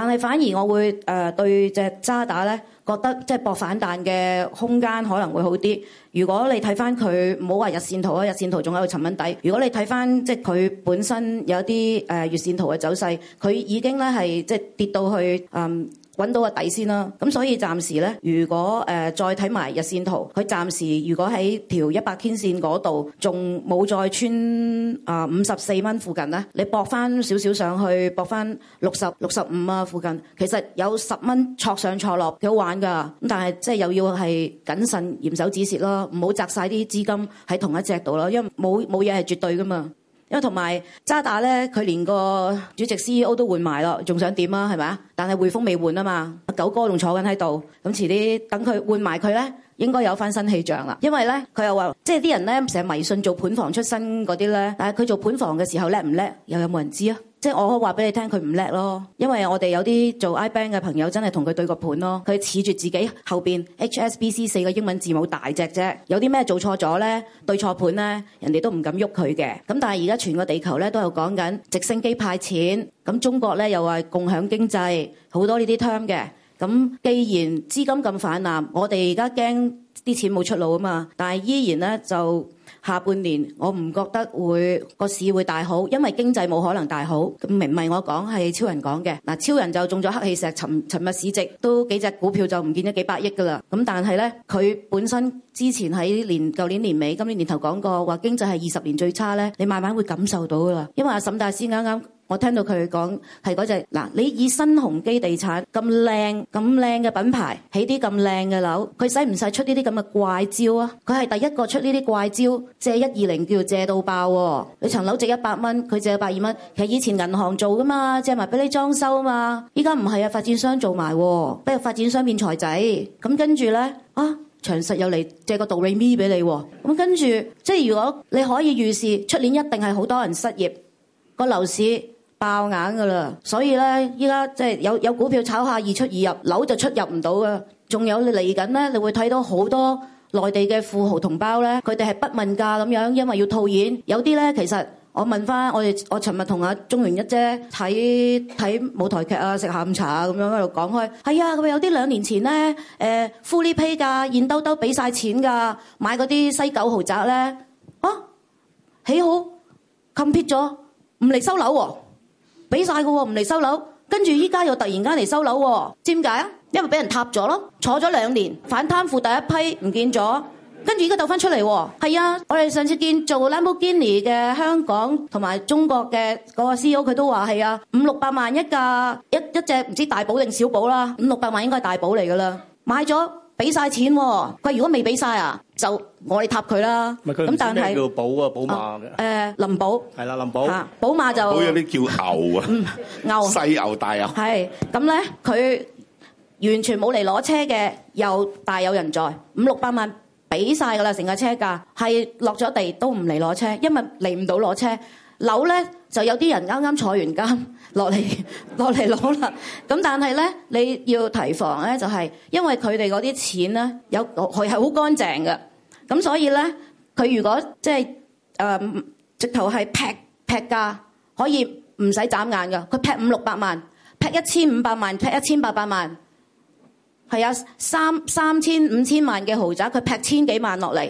但係反而我會誒對隻渣打呢覺得即係博反彈嘅空間可能會好啲。如果你睇返佢唔好話日線圖啊，日線圖仲喺度尋緊底。如果你睇返即係佢本身有一啲誒月線圖嘅走勢，佢已經呢係即係跌到去嗯。揾到個底先啦，咁所以暫時呢，如果、呃、再睇埋日線圖，佢暫時如果喺條一百天線嗰度，仲冇再穿啊五十四蚊附近呢，你搏返少少上去，搏返六十六十五附近，其實有十蚊挫上挫落幾好玩㗎，咁但係即係又要係謹慎嚴守止蝕咯，唔好砸曬啲資金喺同一隻度咯，因為冇冇嘢係絕對㗎嘛。因為同埋渣打咧，佢連個主席 CEO 都換埋咯，仲想點啊？係咪啊？但係匯豐未換啊嘛，阿九哥仲坐緊喺度，咁遲啲等佢換埋佢咧，應該有翻新氣象啦。因為咧，佢又話，即係啲人咧成日迷信做盤房出身嗰啲咧，誒佢做盤房嘅時候叻唔叻，又有冇人知啊？即係我話俾你聽，佢唔叻咯，因為我哋有啲做 iBank 嘅朋友真係同佢對個盤咯，佢恃住自己後邊 HSBC 四個英文字母大隻啫，有啲咩做錯咗咧，對錯盤咧，人哋都唔敢喐佢嘅。咁但係而家全個地球咧都係講緊直升機派錢，咁中國咧又話共享經濟，好多呢啲 term 嘅。咁既然資金咁泛濫，我哋而家驚啲錢冇出路啊嘛，但係依然咧就。下半年我唔覺得會個市會大好，因為經濟冇可能大好。唔係我講，係超人講嘅。超人就中咗黑氣石，沉沉入市值都幾隻股票就唔見咗幾百億噶啦。咁但係呢，佢本身之前喺年舊年年尾、今年年頭講過話經濟係二十年最差呢，你慢慢會感受到噶啦。因為阿沈大師啱啱，我聽到佢講係嗰隻嗱，你以新鴻基地產咁靚咁靚嘅品牌起啲咁靚嘅樓，佢使唔使出呢啲咁嘅怪招啊？佢係第一個出呢啲怪招，借一二零叫借到爆喎、哦。你層樓值一百蚊，佢借百二蚊。其實以前銀行做噶嘛，借埋俾你裝修嘛。依家唔係啊，發展商做埋、哦，不過發展商變財仔。咁跟住咧啊，長實又嚟借個杜瑞咪俾你喎、哦。咁跟住即係如果你可以預示，出年一定係好多人失業，個樓市。爆眼噶啦，所以咧，依家即係有有股票炒下，易出易入，樓就出入唔到噶。仲有嚟緊咧，你會睇到好多內地嘅富豪同胞咧，佢哋係不問價咁樣，因為要套現。有啲咧，其實我問翻我，我尋日同阿中原一姐睇睇舞台劇啊，食下午茶啊，咁樣喺度講開。係啊，佢有啲兩年前咧，誒，full pay 噶，現兜兜俾晒錢噶，買嗰啲西九豪宅咧，啊，起好，冚撇咗，唔嚟收樓喎、啊。俾晒個喎，唔嚟收樓，跟住依家又突然間嚟收樓喎，知點解啊？因為俾人撻咗咯，坐咗兩年反貪腐，第一批唔見咗，跟住依家竇翻出嚟喎。係啊，我哋上次見做 Lamborghini 嘅香港同埋中國嘅嗰個 CEO，佢都話係啊，五六百萬一架一一隻唔知大保定小保啦，五六百萬應該係大保嚟㗎啦，買咗。俾曬錢喎！佢如果未俾曬啊，就我哋撻佢啦。咁但係咩叫寶啊？寶馬嘅，誒，林寶係啦，林寶。寶馬就。寶有啲叫牛啊！牛。細牛大牛。係咁咧，佢完全冇嚟攞車嘅，又大有人在，五六百萬俾曬噶啦，成個車價係落咗地都唔嚟攞車，因為嚟唔到攞車，樓咧。就有啲人啱啱坐完監落嚟落嚟攞啦，咁但係呢，你要提防呢就係、是，因為佢哋嗰啲錢呢，有佢係好乾淨嘅，咁所以呢，佢如果即係誒、呃、直頭係劈劈價，可以唔使眨眼嘅，佢劈五六百萬，劈一千五百萬，劈一千八百萬，係有三三千五千萬嘅豪宅，佢劈千幾萬落嚟，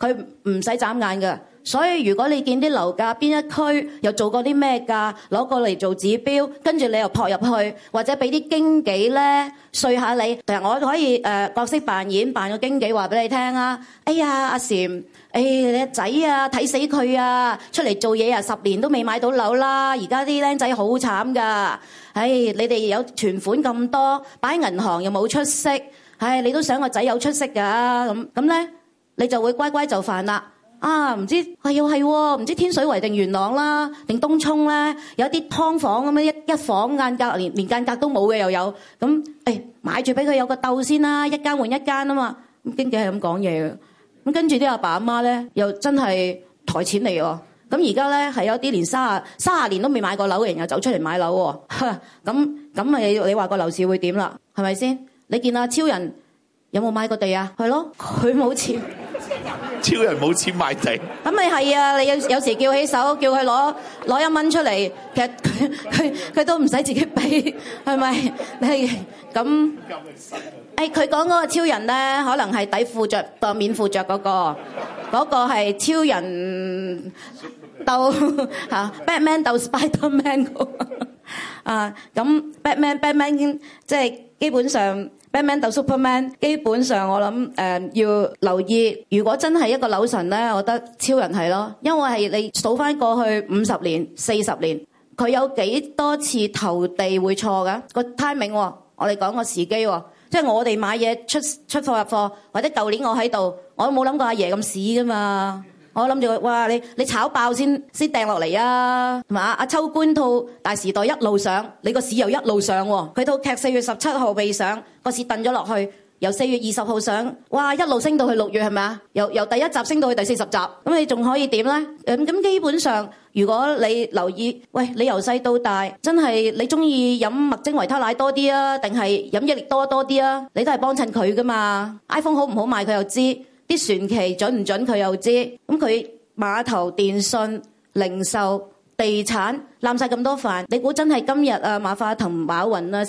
佢唔使眨眼嘅。所以如果你見啲樓價邊一區又做過啲咩價攞過嚟做指標，跟住你又撲入去，或者俾啲經紀咧碎下你，其實我可以誒角色扮演扮個經紀話俾你聽啦。哎呀，阿嬋，哎你個仔啊睇死佢啊！出嚟做嘢啊十年都未買到樓啦，而家啲僆仔好慘噶。唉，你哋有存款咁多，擺喺銀行又冇出息，唉你都想個仔有出息㗎咁咁咧，你就會乖乖就範啦。啊，唔知，係又係、哦，唔知天水圍定元朗啦，定東涌咧，有啲劏房咁樣一，一房間隔，連連間隔都冇嘅又有，咁誒、哎、買住俾佢有個竇先啦，一間換一間啊嘛，咁經紀係咁講嘢嘅，咁跟住啲阿爸阿媽咧，又真係抬錢嚟喎、哦，咁而家咧係有啲連三啊三啊年都未買過樓嘅人又走出嚟買樓喎、哦，咁咁咪你話個樓市會點啦？係咪先？你見阿超人有冇買過地啊？係咯，佢冇錢。超人冇錢買地，咁咪係啊？你有有時叫起手，叫佢攞攞一蚊出嚟，其實佢佢佢都唔使自己俾，係咪？你咁？誒，佢講嗰個超人咧，可能係底褲着當面褲着嗰個，嗰個係超人鬥吓，Batman 鬥 Spiderman 啊，咁 Batman Batman 即係基本上。Batman 到 Superman，基本上我諗誒、呃、要留意。如果真係一個紐神咧，我覺得超人係咯，因為係你數返過去五十年、四十年，佢有幾多次投地會錯嘅個 timing 喎、哦。我哋講個時機喎、哦，即係我哋買嘢出出貨入貨，或者舊年我喺度，我都冇諗過阿爺咁屎㗎嘛。我諗住佢，你炒爆先先掟落嚟啊，同埋阿秋官套大時代一路上，你個市又一路上喎、啊。佢套劇四月十七號未上，個市頓咗落去，由四月二十號上，哇！一路升到去六月係咪？由由第一集升到去第四十集，咁你仲可以點咧？咁、嗯、基本上，如果你留意，喂，你由細到大，真係你鍾意飲麥精維他奶多啲啊，定係飲益力多多啲啊？你都係幫襯佢㗎嘛？iPhone 好唔好賣佢又知。啲船期準唔準佢又知，咁佢碼頭電信、零售、地產攬曬咁多飯，你估真係今日啊馬化騰馬雲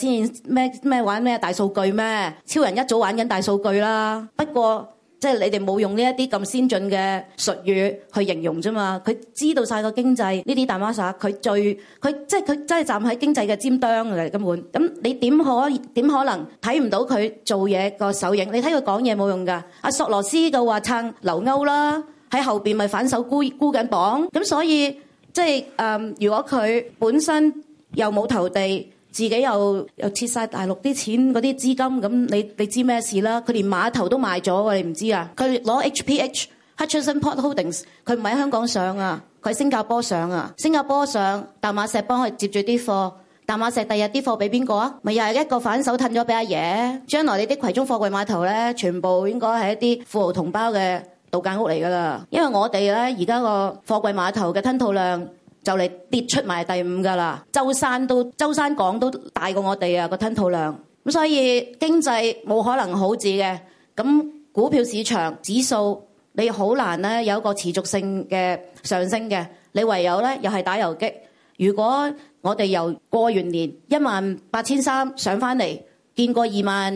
先玩咩大數據咩？超人一早玩緊大數據啦，不過。即係你哋冇用呢一啲咁先進嘅術語去形容啫嘛！佢知道曬個經濟呢啲大孖沙，佢最佢即係佢真係站喺經濟嘅尖端嚟根本。咁你點可點可能睇唔到佢做嘢個手影？你睇佢講嘢冇用㗎。阿索羅斯嘅話撐留歐啦，喺後邊咪反手沽沽緊鎊。咁所以即係誒，如果佢本身又冇投地。自己又又撤曬大陸啲錢嗰啲資金，咁你，你知咩事啦？佢連碼頭都賣咗，你唔知啊？佢攞 HPH Hutchison Port Holdings，佢唔喺香港上啊，佢喺新加坡上啊，新加坡上，大馬石幫佢接住啲貨，大馬石第二日啲貨俾邊個啊？咪又係一個反手吞咗俾阿爺。將來你啲葵涌貨櫃碼頭咧，全部應該係一啲富豪同胞嘅度假屋嚟㗎啦。因為我哋咧而家個貨櫃碼頭嘅吞吐量。就嚟跌出埋第五噶啦，舟山都舟山港都大過我哋啊，個吞吐量，咁所以經濟冇可能好字嘅，咁股票市場指數你好難咧有一個持續性嘅上升嘅，你唯有咧又係打遊擊。如果我哋由過完年一萬八千三上翻嚟，見過二萬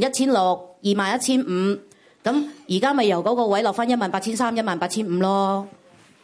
一千六、二萬一千五，咁而家咪由嗰個位落翻一萬八千三、一萬八千五咯，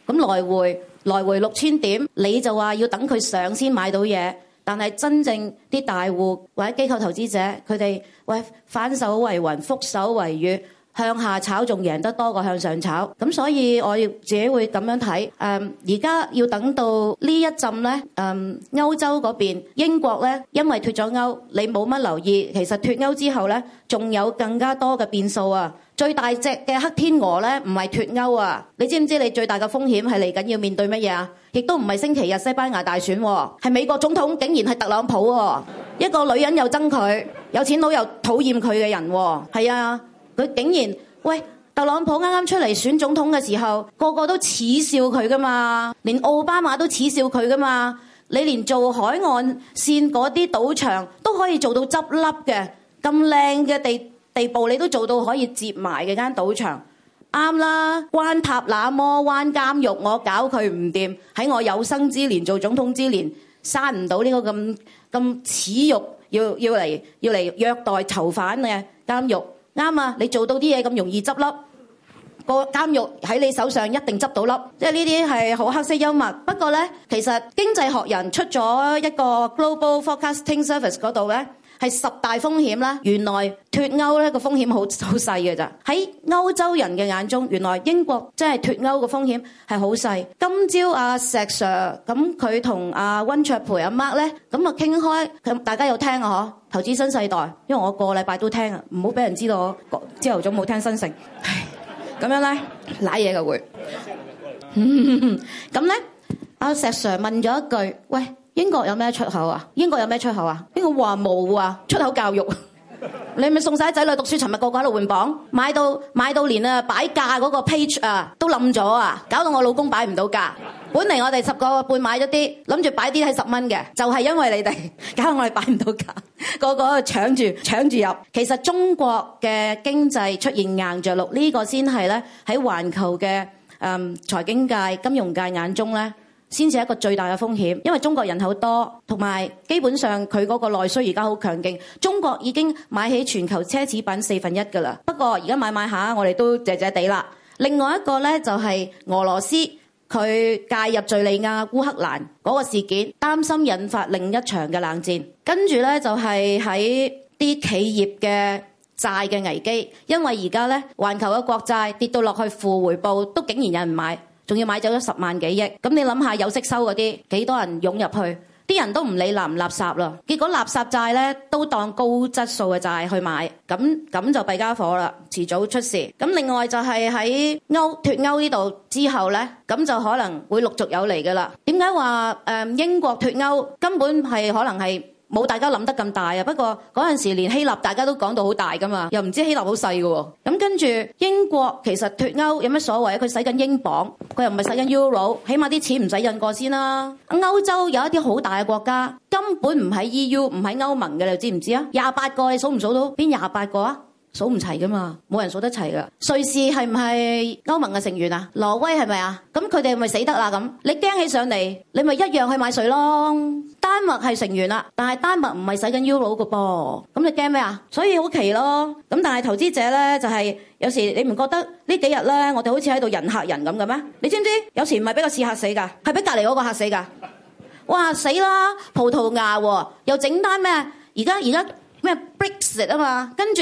咁來回。來回六千點，你就話要等佢上先買到嘢，但係真正啲大戶或者機構投資者，佢哋喂，翻手為雲，覆手為雨。向下炒仲贏得多過向上炒，咁所以我亦自己會咁樣睇。誒、嗯，而家要等到呢一陣呢，誒、嗯、歐洲嗰邊英國呢，因為脱咗歐，你冇乜留意。其實脱歐之後呢，仲有更加多嘅變數啊！最大隻嘅黑天鵝呢，唔係脱歐啊！你知唔知你最大嘅風險係嚟緊要面對乜嘢啊？亦都唔係星期日西班牙大選，啊，係美國總統竟然係特朗普喎，啊，一個女人又憎佢，有錢佬又討厭佢嘅人喎，係啊！佢竟然喂，特朗普啱啱出嚟選總統嘅時候，個個都恥笑佢噶嘛，連奧巴馬都恥笑佢噶嘛。你連做海岸線嗰啲賭場都可以做到執笠嘅咁靚嘅地地步，你都做到可以接埋嘅間賭場啱啦。關塔那摩灣監獄，我搞佢唔掂，喺我有生之年做總統之年閂唔到呢個咁咁恥辱，要要嚟要嚟虐待囚犯嘅監獄。啱啊！你做到啲嘢咁容易執笠，個監獄喺你手上一定執到笠，即係呢啲係好黑色幽默。不過呢，其實經濟學人出咗一個 Global Forecasting Service 嗰度係十大風險啦，原來脱歐呢個風險好細嘅咋，喺歐洲人嘅眼中，原來英國真係脱歐嘅風險係好細。今朝阿、啊、石 Sir 咁佢同阿溫卓培阿媽呢咁啊傾開，大家有聽啊嗬？投資新世代，因為我個禮拜都聽啊，唔好俾人知道我朝頭早冇聽新城。咁樣呢，瀨嘢嘅會。咁 呢，阿、啊、石 Sir 問咗一句，喂？英國有咩出口啊？英國有咩出口啊？英國話冇啊！出口教育，你咪送曬仔女讀書。尋日個個喺度換榜，買到買到連啊，擺價嗰個 page 啊都冧咗啊！搞到我老公擺唔到價。本嚟我哋十個半買咗啲，諗住擺啲喺十蚊嘅，就係因為你哋，搞到我哋擺唔到價，個個搶住搶住入。其實中國嘅經濟出現硬著陸，呢個先係呢喺環球嘅，嗯，財經界、金融界眼中呢。先至係一個最大嘅風險，因為中國人口多，同埋基本上佢嗰個內需而家好強勁。中國已經買起全球奢侈品四分一㗎啦。不過而家買買下，我哋都謝謝地啦。另外一個呢，就係俄羅斯，佢介入敍利亞、烏克蘭嗰個事件，擔心引發另一場嘅冷戰。跟住呢，就係喺啲企業嘅債嘅危機，因為而家呢，環球嘅國債跌到落去負回報，都竟然有人買。仲要買走咗十萬幾億，咁你諗下有息收嗰啲幾多人湧入去，啲人都唔理垃唔垃圾啦，結果垃圾債咧都當高質素嘅債去買，咁咁就弊家伙啦，遲早出事。咁另外就係喺歐脱歐呢度之後呢，咁就可能會陸續有嚟嘅啦。點解話誒英國脱歐根本係可能係？冇大家諗得咁大啊！不過嗰陣時連希臘大家都講到好大㗎嘛，又唔知道希臘好細㗎喎。咁跟住英國其實脱歐有咩所謂啊？佢使緊英鎊，佢又唔係使緊歐元，起碼啲錢唔使印過先啦、啊。歐洲有一啲好大嘅國家根本唔喺 EU 唔喺歐盟嘅，你知唔知啊？廿八個你數唔數到邊廿八個啊？數唔齊㗎嘛，冇人數得齊㗎。瑞士係唔係歐盟嘅成員啊？挪威係咪啊？咁佢哋咪死得啦咁、啊。你驚起上嚟，你咪一樣去買水咯。丹麥係成員啦、啊，但係丹麥唔係使緊歐元㗎噃，咁你驚咩啊？啊所以好奇怪咯。咁但係投資者呢，就係、是、有時你唔覺得這幾天呢幾日咧，我哋好似喺度人嚇人咁嘅咩？你知唔知？有時唔係俾個市嚇死㗎，係俾隔離嗰個嚇死㗎。哇！死啦！葡萄牙、啊、又整單咩？而家而家咩 Brexit 啊嘛，跟住。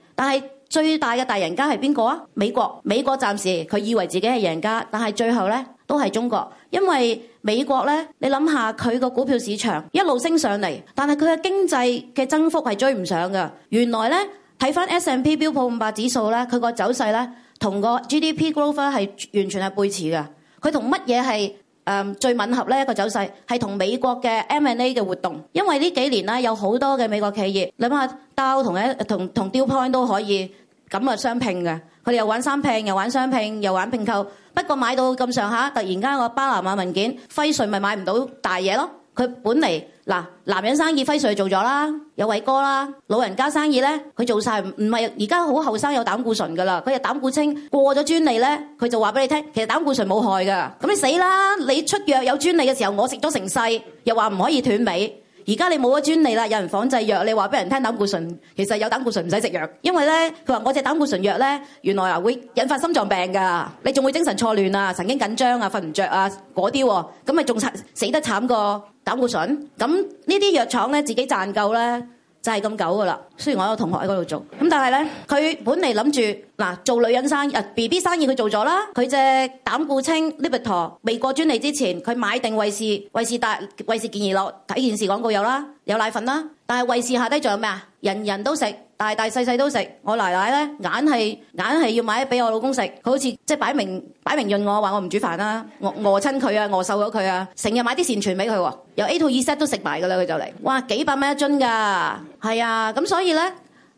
但係最大嘅大贏家係邊個啊？美國，美國暫時佢以為自己係贏家，但係最後呢都係中國，因為美國呢，你諗下佢個股票市場一路升上嚟，但係佢嘅經濟嘅增幅係追唔上噶。原來呢，睇翻 S&P 標普五百指數呢，佢個走勢呢同個 G D P growth 係完全係背馳噶，佢同乜嘢係？誒，最吻合呢一個走勢係同美國嘅 M&A 嘅活動，因為呢幾年呢有好多嘅美國企業，諗下 Dow 同嘅同同 DuPont 都可以咁樣雙拼嘅，佢哋又玩三拼，又玩雙拼，又玩併購，不過買到咁上下，突然間個巴拿馬文件，輝瑞咪買唔到大嘢咯，佢本嚟。男人生意輝瑞做咗啦，有偉哥啦，老人家生意呢，佢做曬，唔唔係而家好後生有膽固醇噶啦，佢就膽固清過咗專利呢，佢就話俾你聽，其實膽固醇冇害噶，咁你死啦！你出藥有專利嘅時候，我食咗成世，又話唔可以斷尾。而家你冇咗專利啦，有人仿製藥。你話俾人聽膽固醇，其實有膽固醇唔使食藥，因為呢，佢話我隻膽固醇藥呢，原來啊會引發心臟病㗎，你仲會精神錯亂啊、神經緊張啊、瞓唔著啊嗰啲喎，咁咪仲死得慘過膽固醇。咁呢啲藥廠咧自己賺夠咧。就係咁久㗎喇，雖然我有同學喺嗰度做，但係呢，佢本嚟諗住做女人生意，BB 生意佢做咗啦，佢隻膽固清 Lipitor 未過專利之前，佢買定衞視，衞視大衞視健兒樂睇電視廣告有啦，有奶粉啦，但係衞視下低仲有咩啊？人人都食。大大細細都食，我奶奶呢，硬係硬係要買俾我老公食，佢好似即係擺明擺明潤我，話我唔煮飯啦，餓餓親佢啊，餓瘦咗佢啊，成日買啲善存俾佢喎，由 A 到 Z 都食埋噶啦。佢就嚟，哇幾百蚊一樽噶，係啊，咁所以呢，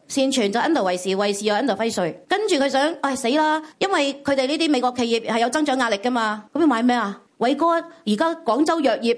善存就 under 惠氏，惠氏又 under 輝瑞，跟住佢想，唉、哎、死啦，因為佢哋呢啲美國企業係有增長壓力噶嘛，咁要買咩啊？偉哥而家廣州藥業。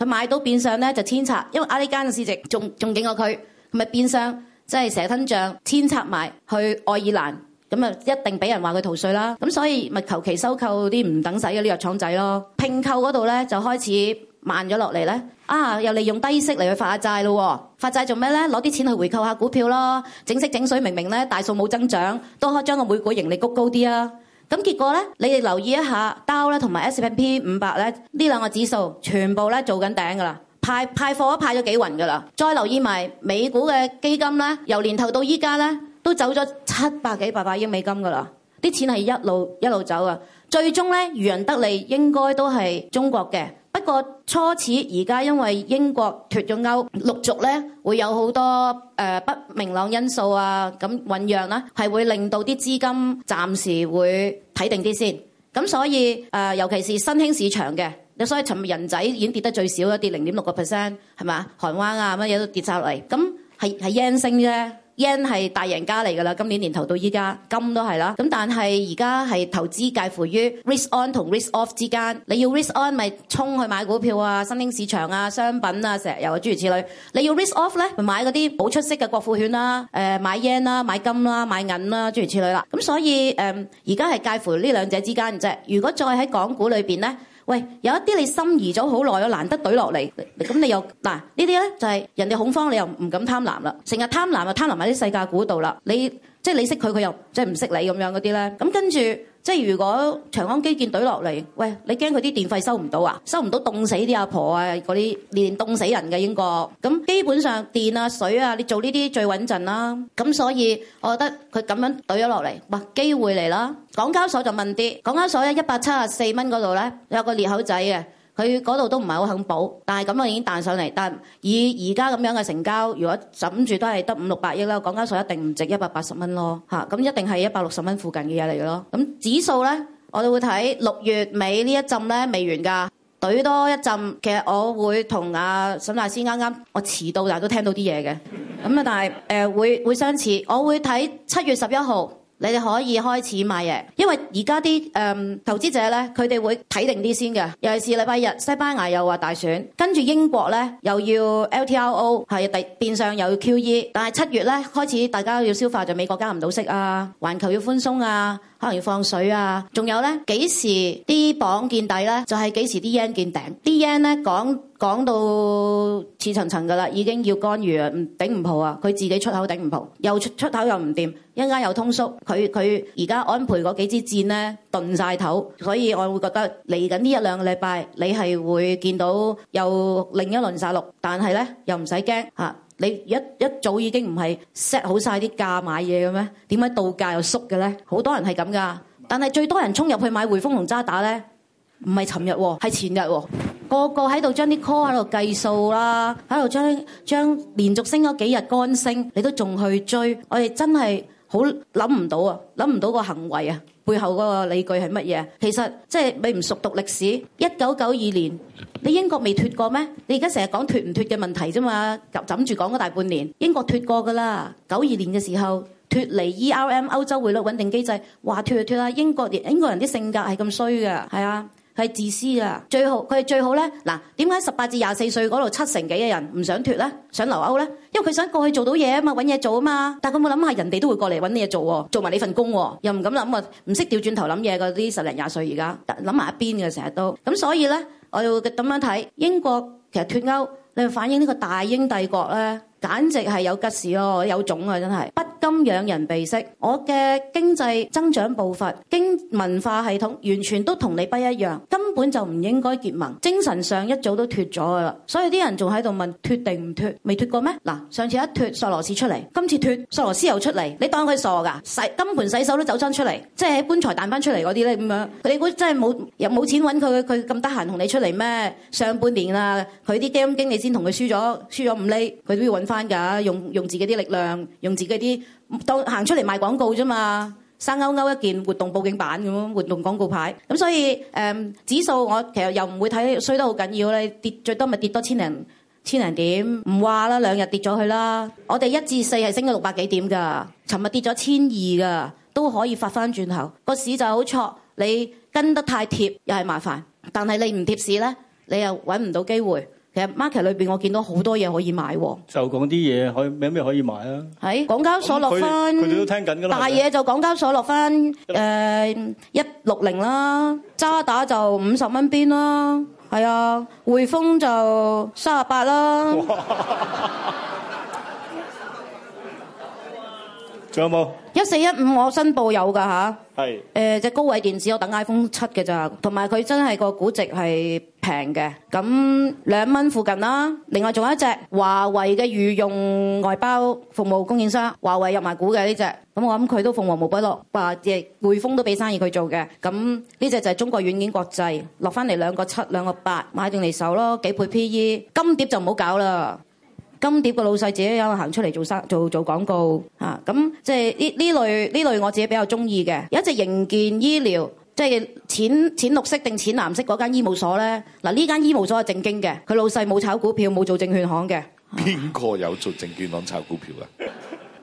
佢買到變相呢，就遷冊，因為亞利堅嘅市值仲仲勁過佢，咪變相即係、就是、蛇吞象遷冊買去愛爾蘭，咁啊一定俾人話佢逃稅啦。咁所以咪求其收購啲唔等使嘅啲藥廠仔咯。併購嗰度咧就開始慢咗落嚟咧。啊，又利用低息嚟去發下債咯，發債做咩咧？攞啲錢去回購下股票咯，整色整水，明明咧大數冇增長，都可以將個每股盈利谷高啲啊！咁結果呢，你哋留意一下和刀呢同埋 S&P 五百呢呢兩個指數，全部呢做緊頂㗎喇，派派貨都派咗幾輪㗎喇。再留意埋美股嘅基金呢，由年頭到依家呢，都走咗七百幾八百億美金㗎喇。啲錢係一路一路走噶，最終咧，漁人得利應該都係中國嘅。不過初始而家因為英國脫咗歐，陸續咧會有好多誒不明朗因素啊，咁醞釀啦，係會令到啲資金暫時會睇定啲先。咁所以誒，尤其是新興市場嘅，你所以尋日人仔已經跌得最少啦，跌零點六個 percent，係嘛？韓灣啊乜嘢都跌曬落嚟，咁係係應聲啫。yen 係大贏家嚟㗎啦，今年年頭到依家，金都係啦。咁但係而家係投資介乎於 risk on 同 risk off 之間。你要 risk on 咪衝去買股票啊、新興市場啊、商品啊，石油啊、諸如此類。你要 risk off 咧，咪、就是、買嗰啲好出色嘅國庫券啦、誒、呃、買 yen 啦、啊、買金啦、啊、買銀啦、啊，諸如此類啦。咁所以誒，而家係介乎呢兩者之間啫。如果再喺港股裏邊咧？喂，有一啲你心儀咗好耐，又難得懟落嚟，咁你又嗱呢啲咧就係、是、人哋恐慌，你又唔敢貪婪啦，成日貪婪又貪婪喺啲世界股度啦，你即係、就是、你識佢，佢又即係唔識你咁樣嗰啲咧，咁跟住。即係如果長江基建隊落嚟，喂，你驚佢啲電費收唔到啊？收唔到凍死啲阿婆啊！嗰啲連凍死人嘅英國，咁基本上電啊水啊，你做呢啲最穩陣啦、啊。咁所以我覺得佢咁樣隊咗落嚟，哇，機會嚟啦！港交所就問啲港交所喺一百七十四蚊嗰度咧有個裂口仔嘅。佢嗰度都唔係好肯補，但係咁啊已經彈上嚟。但以而家咁樣嘅成交，如果諗住都係得五六百億啦，港交所一定唔值一百八十蚊咯。嚇、啊嗯，一定係一百六十蚊附近嘅嘢嚟嘅咯。咁、啊、指數咧，我會睇六月尾呢一陣咧未完㗎，懟多一陣。其實我會同阿、啊、沈大師啱啱我遲到，但都聽到啲嘢嘅。咁啊，但係誒、呃、會，會相似，我會睇七月十一號。你哋可以開始買嘢，因為而家啲投資者呢，佢哋會睇定啲先嘅。尤其是禮拜日，西班牙又話大選，跟住英國呢又要 LTRO 係變相又要 QE，但係七月咧開始，大家要消化就美國加唔到息啊，環球要寬鬆啊。可能要放水啊！仲有呢？幾時啲磅見底呢？就係、是、幾時啲 yen 見頂？啲 yen 呢？講講到似層層㗎喇，已經要干預啊，頂唔蒲啊！佢自己出口頂唔蒲，又出,出口又唔掂，一陣間又通縮。佢佢而家安倍嗰幾支箭呢，鈍晒頭。所以我會覺得嚟緊呢一兩個禮拜，你係會見到又另一輪殺戮。但係呢，又唔使驚嚇。啊你一一早已經唔係 set 好曬啲價買嘢嘅咩？點解到價又縮嘅呢？好多人係咁㗎，但係最多人衝入去買匯豐同渣打呢，唔係尋日喎，係前日喎，個個喺度將啲 call 喺度計數啦，喺度將將連續升咗幾日乾升，你都仲去追，我哋真係好諗唔到啊，諗唔到個行為啊！背後嗰個理據係乜嘢？其實即係你唔熟讀歷史，一九九二年你英國未脱過咩？你而家成日講脱唔脱嘅問題啫嘛，枕住講咗大半年，英國脱過噶啦，九二年嘅時候脱離 ERM 歐洲匯率穩定機制，話脱就脱啦，英國英國人啲性格係咁衰嘅，係啊。係自私噶，最好佢係最好咧。嗱，點解十八至廿四歲嗰度七成幾嘅人唔想脫咧，想留歐咧？因為佢想過去做到嘢啊嘛，搵嘢做啊嘛。但係佢冇諗下，人哋都會過嚟搵你嘢做，哦，做埋你份工，哦，又唔敢諗啊，唔識掉轉頭諗嘢嗰啲十零廿歲而家諗埋一邊嘅，成日都。咁所以咧，我會咁樣睇英國，其實脫歐，你會反映呢個大英帝國咧。簡直係有吉事囉，有種啊，真係不金養人鼻息。我嘅經濟增長步伐、經文化系統完全都同你不一樣，根本就唔應該結盟。精神上一早都脫咗噶啦，所以啲人仲喺度問脫定唔脫？未脫過咩？嗱，上次一脫索羅斯出嚟，今次脫索羅斯又出嚟，你當佢傻噶？洗金盆洗手都走真出嚟，即係喺棺材彈翻出嚟嗰啲咧咁樣。你估真係冇入冇錢揾佢，佢咁得閒同你出嚟咩？上半年啊，佢啲 game 經理先同佢輸咗，輸咗唔理，佢都要揾。翻用，用自己啲力量，用自己啲當行出嚟賣廣告啫嘛，生勾勾一件活動布景板咁，活動廣告牌。咁所以，呃，指數我其實又唔會睇衰得好緊要，你跌最多咪跌多千零千零點，唔話啦，兩日跌咗去啦。我哋一至四係升咗六百幾點㗎，尋日跌咗千二㗎，都可以發翻轉頭。個市就好錯，你跟得太貼又係麻煩，但係你唔貼市咧，你又揾唔到機會。其實 market 裏面我見到好多嘢可以買喎，就講啲嘢，可有咩可以買啊？喺港、啊、交所落返，佢哋都聽緊㗎啦。大嘢就港交所落返，誒一六零啦，渣打就五十蚊邊啦，係啊，匯豐就三十八啦。仲有冇？一四一五我申報有噶嚇，誒、啊是呃、隻高偉電子我等 iPhone 七嘅咋，同埋佢真係個估值係平嘅，咁兩蚊附近啦。另外仲有一隻華為嘅御用外包服務供應商，華為入埋股嘅呢隻，咁我諗佢都鳳凰無寶不落，華為匯豐都俾生意佢做嘅。咁呢隻就係中國軟件國際，落返嚟兩個七兩個八，買定離手咯，幾倍 PE，金蝶就唔好搞啦。金蝶個老細自己有行出嚟做生做做廣告啊！咁即係呢，呢類呢類我自己比較中意嘅。有一隻盈健醫療，即係淺淺綠色定淺藍色嗰間醫務所呢。嗱呢間醫務所係正經嘅，佢老細冇炒股票，冇做證券行嘅。邊個有做證券行炒股票啊？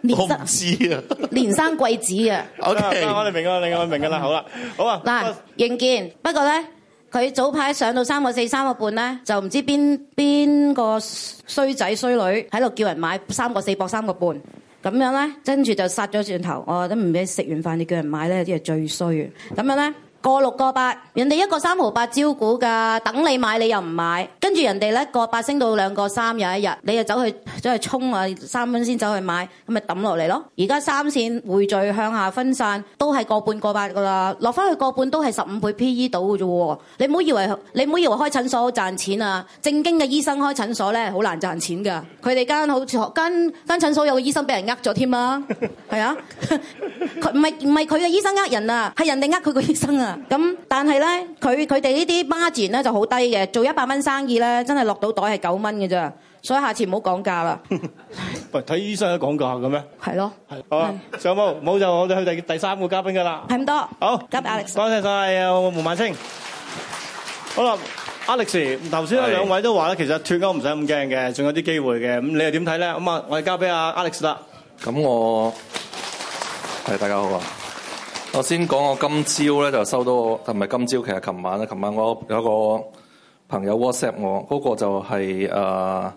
身我唔知啊，連生貴子啊。O K，嗱我哋明啦，你我明噶啦，好啦，好啊。嗱，盈健。不過呢，佢早排上到三個四三個半咧，就唔知邊邊個衰仔衰女喺度叫人買三個四博三個半，咁樣呢，跟住就殺咗轉頭。我覺得食完飯你叫人買咧，啲係最衰嘅。咁樣呢，過六過八，人哋一個三毫八招股㗎，等你買你又唔買。住人哋咧個八升到兩個三有一日，你又走去走去衝啊三蚊先走去買，咁咪抌落嚟咯。而家三線匯聚向下分散，都係個半個八噶啦。落翻去個半都係十五倍 P E 到嘅啫。你唔好以為你唔好以為開診所好賺錢啊！正經嘅醫生開診所咧，好難賺錢噶。佢哋間好似學間間診所有個醫生俾人呃咗添啊，係啊，佢唔係唔係佢嘅醫生呃人啊，係人哋呃佢個醫生啊。咁但係咧，佢佢哋呢啲 margin 咧就好低嘅，做一百蚊生意咧。真係落到袋係九蚊嘅咋，所以下次唔好講價啦。唔睇醫生都講價嘅咩？係咯。好，仲有冇？冇就我哋去第第三個嘉賓噶啦。係咁多。好，交俾 Alex。多謝晒啊，胡孟青。好啦，Alex，頭先有兩位都話啦，其實脫鈎唔使咁驚嘅，仲有啲機會嘅。咁你又點睇咧？咁啊，我哋交俾阿 Alex 啦。咁我係大家好啊。我先講我今朝咧就收到我，係咪今朝其實琴晚咧，琴晚我有個。朋友 WhatsApp 我，嗰、那個就係、是、啊、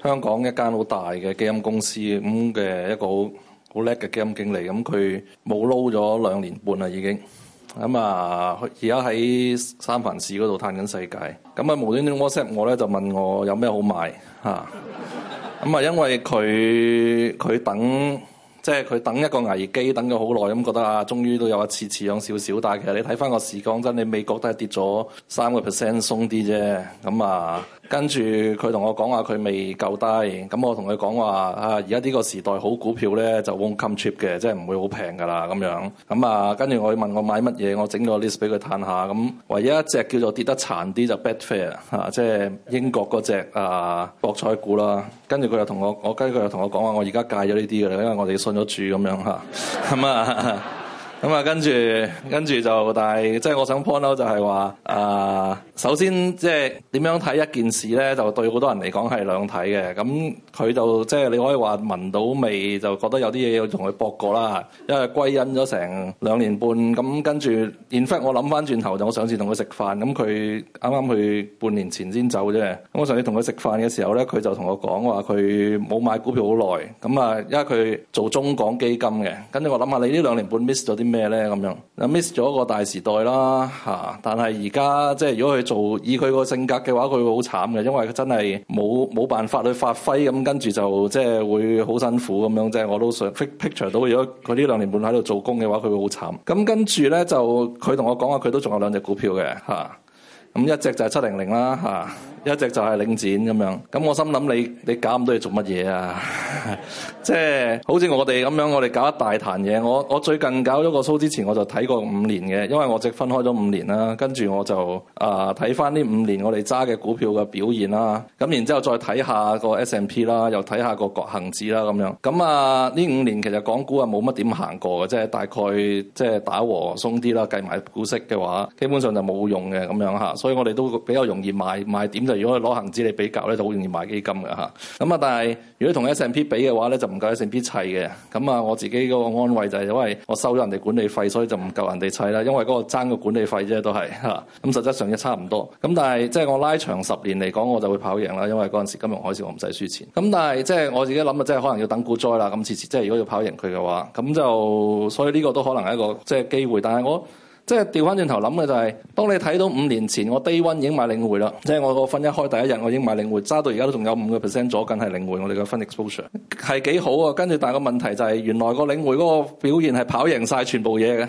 呃、香港一間好大嘅基金公司咁嘅、嗯、一個好叻嘅基金經理，咁佢冇撈咗兩年半啦已經，咁啊而家喺三藩市嗰度嘆緊世界，咁、嗯、啊無端端 WhatsApp 我咧就問我有咩好賣嚇，咁啊、嗯、因為佢佢等。即係佢等一個危機，等咗好耐咁，覺得啊，終於都有一次似樣少少，但係其實你睇翻個時光真，你美國都係跌咗三個 percent，鬆啲啫，咁、嗯、啊。跟住佢同我講話佢未夠低，咁我同佢講話啊，而家呢個時代好股票咧就 won't come cheap 嘅，即係唔會好平㗎啦咁樣。咁啊，跟住我去問我買乜嘢，我整個 list 俾佢睇下。咁唯一一隻叫做跌得殘啲就 Betfair 啊，即係英國嗰隻啊博彩股啦。跟住佢又同我，我跟佢又同我講話，我而家戒咗呢啲㗎啦，因為我哋信咗主咁樣嚇。咁啊。啊 咁啊、嗯，跟住跟住就，但係即係我想 point out 就係、是、話，啊、呃、首先即係點樣睇一件事咧，就對好多人嚟講係兩睇嘅。咁佢就即係、就是、你可以話聞到味，就覺得有啲嘢要同佢搏過啦。因為歸隱咗成兩年半，咁跟住，in fact 我諗翻轉頭，就我上次同佢食飯，咁佢啱啱去半年前先走啫。咁我上次同佢食飯嘅時候咧，佢就同我講話佢冇買股票好耐，咁啊，因為佢做中港基金嘅。跟住我諗下，你呢兩年半 miss 咗啲咩咧咁樣？啊，miss 咗一個大時代啦，吓、啊！但係而家即係如果佢做，以佢個性格嘅話，佢會好慘嘅，因為佢真係冇冇辦法去發揮，咁跟住就即係會好辛苦咁樣。即係我都想 picture 到，如果佢呢兩年半喺度做工嘅話，佢會好慘。咁跟住咧就佢同我講吓，佢都仲有兩隻股票嘅吓，咁一隻就係七零零啦吓。一直就係領展咁樣，咁我心諗你你搞咁多嘢做乜嘢啊？即 係、就是、好似我哋咁樣，我哋搞一大壇嘢。我我最近搞咗個 show 之前，我就睇過五年嘅，因為我直分開咗五年啦。跟住我就啊睇翻呢五年我哋揸嘅股票嘅表現啦。咁然之後再睇下個 S&P 啦，又睇下個恒指啦咁樣。咁啊呢五年其實港股啊冇乜點行過嘅，即、就、係、是、大概即係、就是、打和鬆啲啦。計埋股息嘅話，基本上就冇用嘅咁樣吓，所以我哋都比較容易買買點就是。如果攞恒指嚟比較咧，就好容易買基金嘅嚇。咁啊，但係如果同 S&P 比嘅話咧，就唔夠 S&P 砌嘅。咁啊，我自己嗰個安慰就係因為我收咗人哋管理費，所以就唔夠人哋砌啦。因為嗰個爭個管理費啫，都係嚇。咁實質上亦差唔多。咁但係即係我拉長十年嚟講，我就會跑贏啦。因為嗰陣時金融海嘯，我唔使輸錢。咁但係即係我自己諗啊，即係可能要等股災啦。咁次次即係如果要跑贏佢嘅話，咁就所以呢個都可能係一個即係機會。但係我。即係調翻轉頭諗嘅就係，當你睇到五年前我低温已經買領匯啦，即係我個分一開第一日我已經買領匯，揸到而家都仲有五個 percent 左，緊係領匯我哋嘅分 exposure 係幾好啊！跟住但係個問題就係，原來個領匯嗰個表現係跑贏晒全部嘢嘅。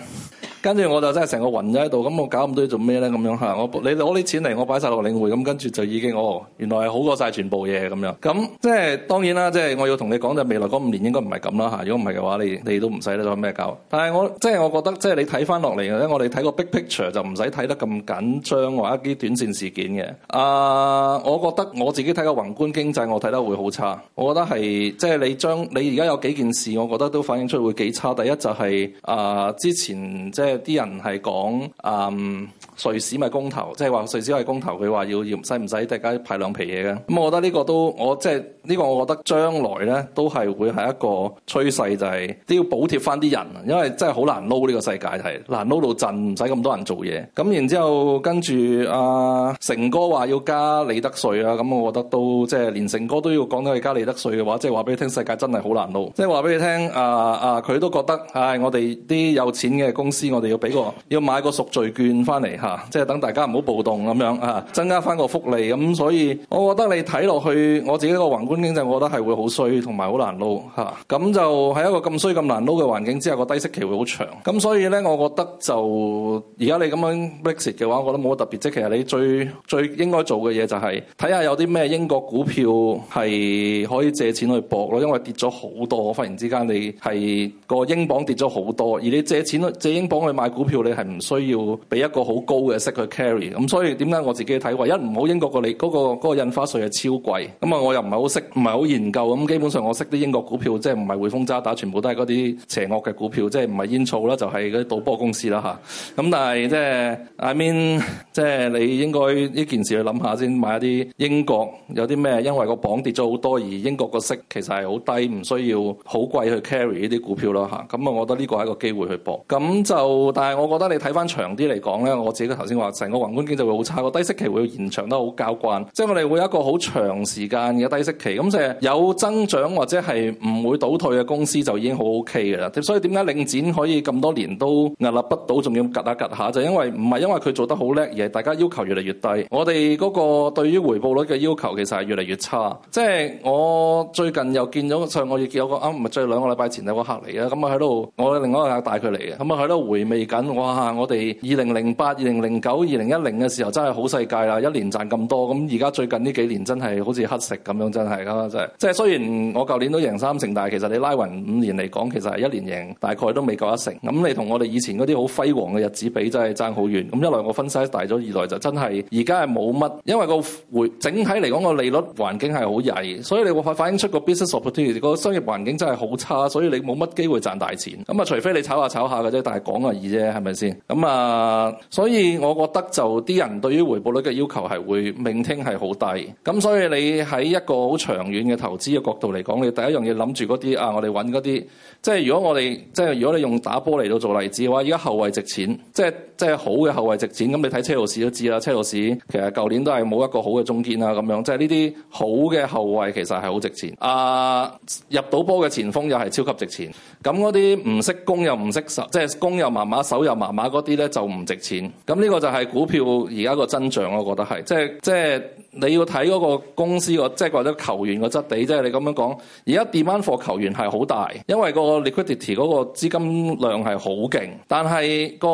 跟住我就真係成個暈咗喺度，咁我搞唔到要做咩呢？咁樣嚇？我你攞啲錢嚟，我擺晒落領匯，咁跟住就已經哦，原來係好過晒全部嘢咁樣。咁即係當然啦，即係我要同你講就未來嗰五年應該唔係咁啦吓，如果唔係嘅話，你你都唔使得做咩搞。但係我即係我覺得即係你睇翻落嚟咧，我哋睇個 big picture 就唔使睇得咁緊張或者啲短線事件嘅。啊、呃，我覺得我自己睇個宏觀經濟，我睇得會好差。我覺得係即係你將你而家有幾件事，我覺得都反映出會幾差。第一就係、是、啊、呃，之前即係。啲人係講，嗯，瑞士咪公投，即係話瑞士係公投，佢話要要使唔使大家派兩皮嘢嘅？咁、嗯、我覺得呢個都，我即係呢個，我覺得將來咧都係會係一個趨勢，就係，就係都要補貼翻啲人，因為真係好難撈呢個世界係難撈到陣，唔使咁多人做嘢。咁、嗯、然之後跟住阿、呃、成哥話要加利得稅啊，咁、嗯、我覺得都即係、即係、連成哥都要講到要加利得稅嘅話，即係話俾你聽，世界真係好難撈。即係話俾你聽，啊、呃、啊，佢、呃呃、都覺得，唉、哎，我哋啲有錢嘅公司我哋 要俾個要買個贖罪券翻嚟吓，即係等大家唔好暴動咁樣啊，增加翻個福利咁。所以，我覺得你睇落去我自己個宏觀經濟，我覺得係會好衰，同埋好難撈嚇。咁、啊、就喺一個咁衰咁難撈嘅環境之下，個低息期會好長。咁所以咧，我覺得就而家你咁樣 Brexit 嘅話，我覺得冇乜特別啫。其實你最最應該做嘅嘢就係睇下有啲咩英國股票係可以借錢去搏咯，因為跌咗好多。我忽然之間你係個英鎊跌咗好多，而你借錢借英鎊去買股票你係唔需要俾一個好高嘅息去 carry，咁所以點解我自己睇，唯一唔好英國、嗰個你嗰、嗰個印花稅係超貴，咁啊我又唔係好識，唔係好研究，咁基本上我識啲英國股票，即係唔係匯豐渣打，全部都係嗰啲邪惡嘅股票，即係唔係煙草啦，就係嗰啲賭波公司啦吓，咁但係即係 I mean，即係你應該呢件事去諗下先買一啲英國有啲咩？因為個榜跌咗好多，而英國個息其實係好低，唔需要好貴去 carry 呢啲股票啦吓，咁啊，我覺得呢個係一個機會去搏。咁就。但係我覺得你睇翻長啲嚟講咧，我自己頭先話成個宏觀經濟會好差，個低息期會延長得好交關，即係我哋會有一個好長時間嘅低息期。咁即係有增長或者係唔會倒退嘅公司就已經好 OK 嘅啦。所以點解領展可以咁多年都屹立不倒，仲要吉一吉下，就因為唔係因為佢做得好叻，而係大家要求越嚟越低。我哋嗰個對於回報率嘅要求其實係越嚟越差。即係我最近又見咗，所以我亦見有個啱唔係最近兩個禮拜前有個客嚟嘅，咁啊喺度，我另外一個客帶佢嚟嘅，咁啊喺度回。未緊哇！我哋二零零八、二零零九、二零一零嘅時候真係好世界啦，一年賺咁多。咁而家最近呢幾年真係好似乞食咁樣，真係啦，即係即係雖然我舊年都贏三成，但係其實你拉勻五年嚟講，其實係一年贏大概都未夠一成。咁你同我哋以前嗰啲好輝煌嘅日子比，真係爭好遠。咁一來我分 size 大咗，二來就真係而家係冇乜，因為個回整體嚟講個利率環境係好曳，所以你會反反映出個 business opportunity 個商業環境真係好差，所以你冇乜機會賺大錢。咁啊，除非你炒下炒下嘅啫，但係講啊。係咪先？咁啊，所以我覺得就啲人對於回報率嘅要求係會 maintain 係好低。咁所以你喺一個好長遠嘅投資嘅角度嚟講，你第一樣要諗住嗰啲啊，我哋揾嗰啲，即係如果我哋即係如果你用打波嚟到做例子嘅話，而家後衛值錢，即係即係好嘅後衛值錢。咁你睇車路士都知啦，車路士其實舊年都係冇一個好嘅中堅啦，咁樣即係呢啲好嘅後衛其實係好值錢。啊，入到波嘅前鋒又係超級值錢。咁嗰啲唔識攻又唔識守，即係攻又慢，慢。手又麻麻嗰啲咧就唔值錢。咁呢個就係股票而家個增長，我覺得係即係即係。你要睇嗰個公司個即係或者球員個質地，即係你咁樣講，而家 demand for 球員係好大，因為個 liquidity 嗰個資金量係好勁，但係個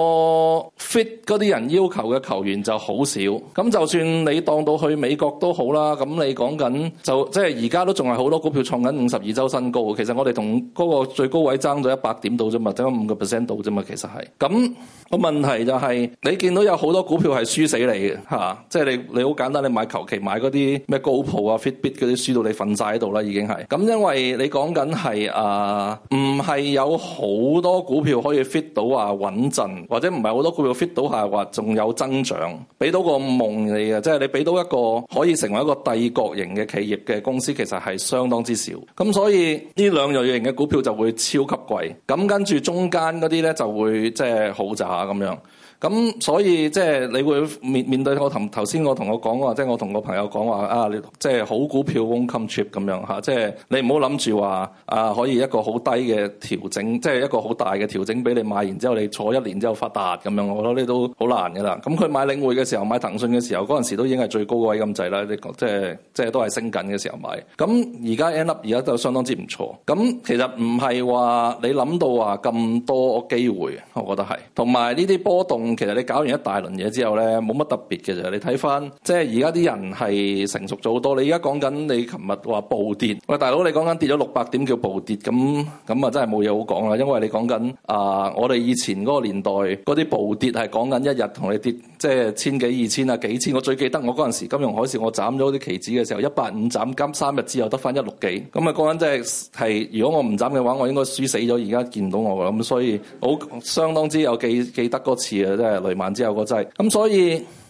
fit 嗰啲人要求嘅球員就好少。咁就算你當到去美國都好啦，咁你講緊就即係而家都仲係好多股票創緊五十二周新高。其實我哋同嗰個最高位爭咗一百點到啫嘛，爭五個 percent 到啫嘛，其實係咁個問題就係、是、你見到有好多股票係輸死你嘅吓，即係、就是、你你好簡單你買球。其買嗰啲咩高普啊 fitbit 嗰啲輸到你瞓晒喺度啦，已經係咁，因為你講緊係啊，唔係有好多股票可以 fit 到啊穩陣，或者唔係好多股票 fit 到係話仲有增長，俾到個夢、就是、你嘅，即係你俾到一個可以成為一個帝國型嘅企業嘅公司，其實係相當之少，咁所以呢兩類型嘅股票就會超級貴，咁跟住中間嗰啲咧就會即係好渣咁樣。咁所以即係你會面面對我頭頭先我同我講話，即係我同個朋友講話啊，你即係好股票 won't come cheap 咁樣吓，即係你唔好諗住話啊可以一個好低嘅調整，即係一個好大嘅調整俾你買，然之後你坐一年之後發達咁樣，我覺得呢都好難噶啦。咁佢買領匯嘅時候買騰訊嘅時候，嗰陣時都已經係最高位咁滯啦，你即係即係都係升緊嘅時候買。咁而家 end up 而家就相當之唔錯。咁其實唔係話你諗到話咁多機會，我覺得係同埋呢啲波動。其實你搞完一大輪嘢之後咧，冇乜特別嘅就你睇翻，即係而家啲人係成熟咗好多。你而家講緊你琴日話暴跌，喂，大佬你講緊跌咗六百點叫暴跌，咁咁啊真係冇嘢好講啦。因為你講緊啊，我哋以前嗰個年代嗰啲暴跌係講緊一日同你跌即係千幾、二千啊、幾千。我最記得我嗰陣時金融海嘯，我斬咗啲期指嘅時候一百五斬，金三日之後得翻一六幾，咁啊嗰陣真係如果我唔斬嘅話，我應該輸死咗，而家見唔到我啦。咁所以好相當之有記記得嗰次啊。即係雷曼之後個掣咁所以。